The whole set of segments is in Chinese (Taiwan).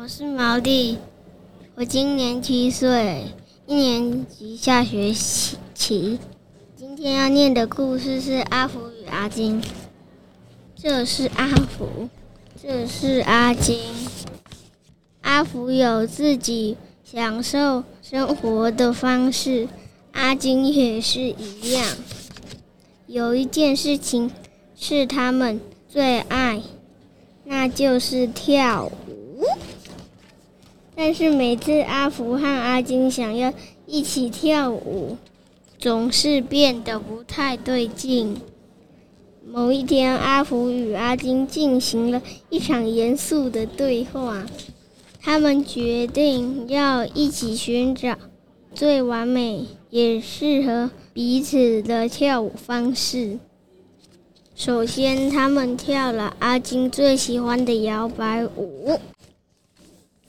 我是毛弟，我今年七歲，一年級下學期。今天要念的故事是《阿福與阿金》。這是阿福，這是阿金。阿福有自己享受生活的方式，阿金也是一樣。有一件事情是他們最愛，那就是跳舞。但是每次阿福和阿金想要一起跳舞，總是變得不太對勁。某一天，阿福與阿金進行了一場嚴肅的對話，他們決定要一起尋找最完美也適合彼此的跳舞方式。首先，他們跳了阿金最喜歡的搖擺舞。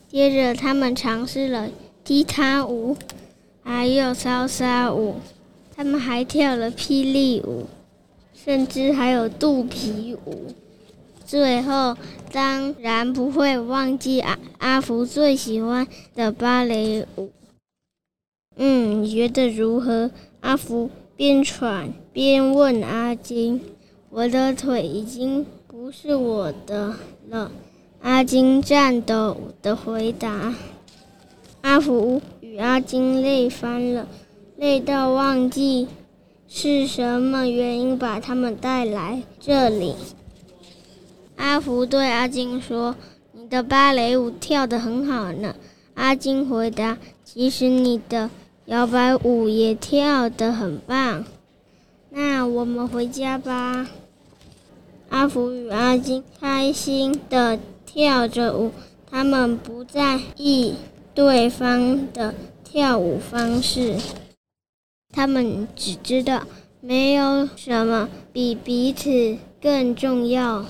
接着，他們嘗試了踢踏舞，還有騷莎舞。他們還跳了霹靂舞，甚至還有肚皮舞。最後，當然不會忘記阿阿福最喜歡的芭蕾舞。嗯，你覺得如何？阿福邊喘邊問阿金：“我的腿已經不是我的了。”阿金顫抖的回答：“阿福與阿金累翻了，累到忘記是什麼原因把他們帶來這裡。”阿福對阿金說：“你的芭蕾舞跳得很好呢。”阿金回答：“其實你的搖擺舞也跳得很棒。”那我們回家吧。阿福與阿金開心的跳着舞，他們不在意對方的跳舞方式，他們只知道沒有什麼比彼此更重要。